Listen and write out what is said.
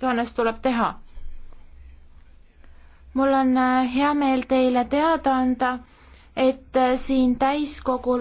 iganes tuleb teha. mul on äh, hea meel teile teada anda, et äh, siin täiskogul on